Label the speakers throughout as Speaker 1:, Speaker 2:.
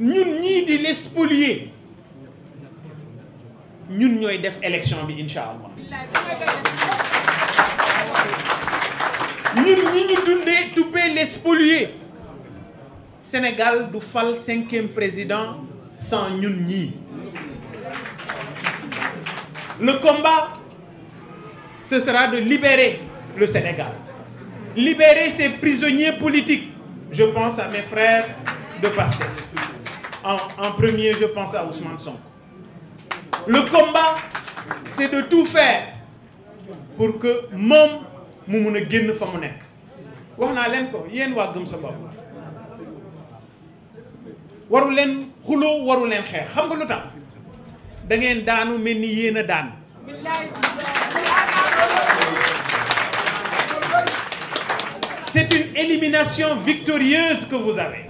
Speaker 1: Nous sommes pas les spolier ñun ñooy def élection bi Nous ñi les Sénégal du fal cinquième président sans nous. le combat ce sera de libérer le Sénégal libérer ses prisonniers politiques je pense à mes frères de Pasteur en, premier, je pense à Ousmane Sonko. Le combat, c'est de tout faire pour que Mom, mu mun a génn fa mu nekk wax naa ko gëm sa waru len xuloo waru len xam nga da daanu c'est une élimination victorieuse que vous avez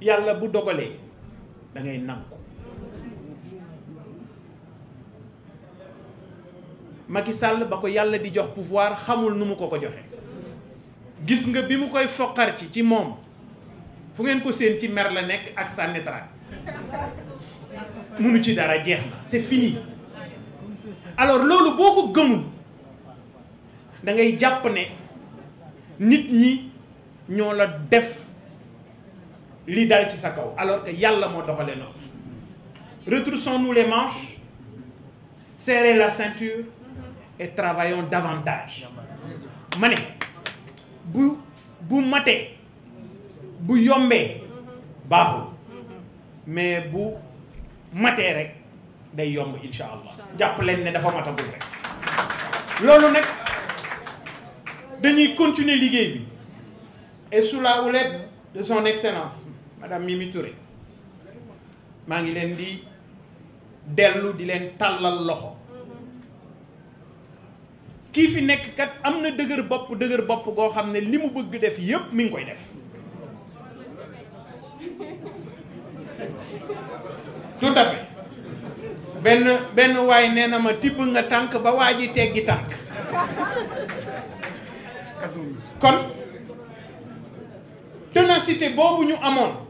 Speaker 1: Yalla bu Makisal, da ngay nangu Macky Sall bako di jox pouvoir xamul n'umu ko ko joxe gis nga bimu koy ci ci fu mer dara c'est fini alors loolu boko. ko gëmul da ngay japp ne la def li dal alors que Yalla moo retroussons-nous les manches serrez la ceinture et travaillons davantage Mané, ne bu bu matee bu mais bu maté rek day yomb inshallah. allah jàpp leen ne dafa maté rek continuer et sous la houlette de son excellence madame Mimi Touré ma ngi len di delu di len talal loxo ki fi nek kat amna deuguer bop deuguer bop go xamne limu bëgg def yépp mi ngi koy def tout à fait ben ben way nee ma tib nga tank ba waji teggi kon tenacité bobu ñu amone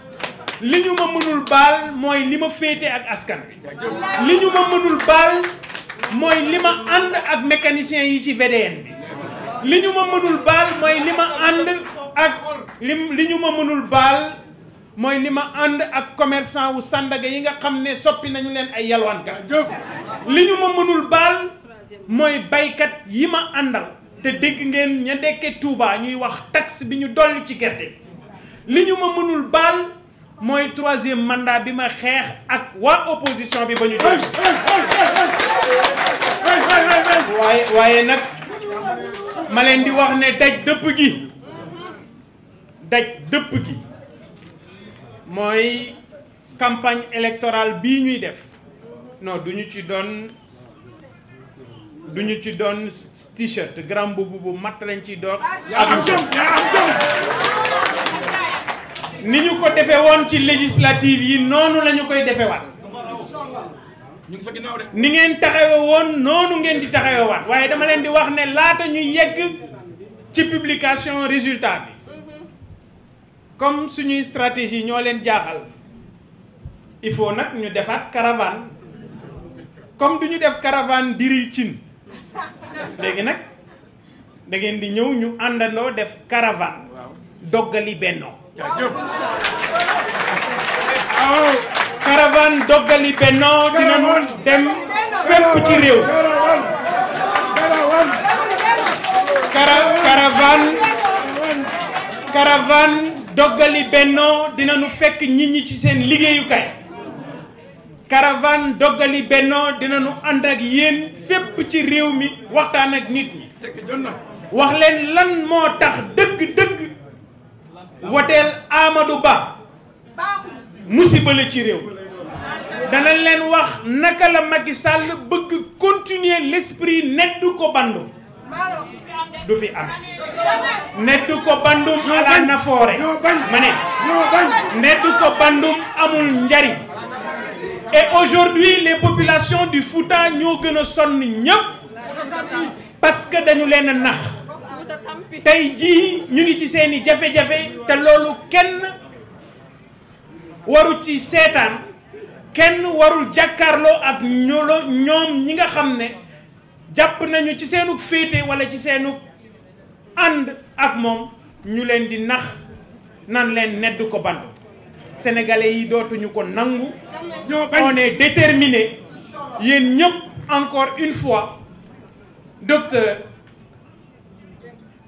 Speaker 1: li ñu ma mënul baal mooy li ma féete ak askan bi li ñu ma mënul baal mooy li ànd ak mécanicien yi ci VDN bi li ñu ma mënul baal mooy li ma ànd ak li ñu ma mënul baal mooy li ma ànd ak commerçant wu Sandaga yi nga xam ne soppi nañu leen ay yalwaankat li ñu ma mënul baal mooy baykat yi ma àndal te dégg ngeen ña ndekke Touba ñuy wax taxe bi ñu dolli ci gerte li ñu ma mënul baal Mon troisième mandat bi ma xex ak wa opposition bi oui, oui, oui, oui, oui, oui, ma di wax ne daj oui, gi daj gi campagne électorale oui, ñuy def non oui, ci donne oui, ci t-shirt grand boubou bu mat lañ oui, oui, ni ñu ko défé won ci législative yi noonu la ñu koy defewaat ni ngeen taxawé won nonu ngeen di taxawe waat waaye dama leen di wax né laata ñu yegg ci publication résultat bi comme suñuy stratégie ñoo leen jaaxal il faut nak ñu défat caravane comme duñu def caravane diri cin léegi nag da ngeen di ñew ñu andalo def caravane dogali benno jaajëf waaw caravane doggali Benno dinañu dem fépp ci réew cara caravane doggali Benno dinañu fekk nit ñi ci seen liggéeyukaay caravane doggali Benno dinañu ànd ak yéen fépp ci réew mi waxtaan ak nit ñi wax lan moo tax dëgg-dëgg woteel Amadou Ba musiba la ci réew danañ leen wax Macky Sall Beug continuer l'esprit neddu ko kobando. du fi am du kobando bandum ala naforé, ma ne neddu ko amul et aujourd'hui les populations du Fouta ne sont a parce que dañu leen Nakh tey jii ñu ngi ci seeni i jafe-jafe te loolu kenn waru ci seetaan kenn warul jàkkaarloo ak ñoom ñi nga xam ne jàpp nañu ci seenu féete wala ci seenu ànd ak moom ñu leen di nax nan leen nedd ko band sénégalais yi dootuñu ko nangu on est déterminé yéen ñëpp encore une fois docteur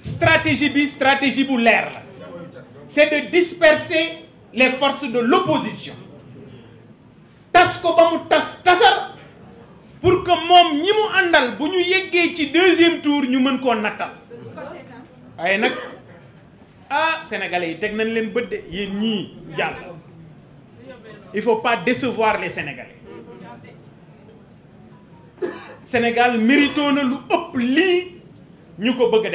Speaker 1: stratégie bi stratégie bu leer la c'est de disperser les forces de l'opposition tas ko ba mu tas tasar pour que mom ñi mu andal bu ñu yeggee ci deuxième tour ñu mën ko natal ay nak ah sénégalais yi teg nañ leen bët yeen ñi jall il faut pas décevoir les sénégalais Sénégal mérito na lu ëpp lii ñu bëgg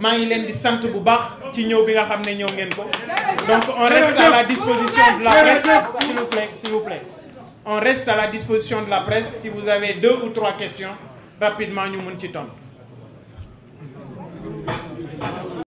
Speaker 1: maa ngi di sant bu baax ci ñëw donc on reste à la disposition de la presse s'il vous plaît s'il vous plaît on reste à la disposition de la presse si vous avez deux ou trois questions rapidement nous nous ci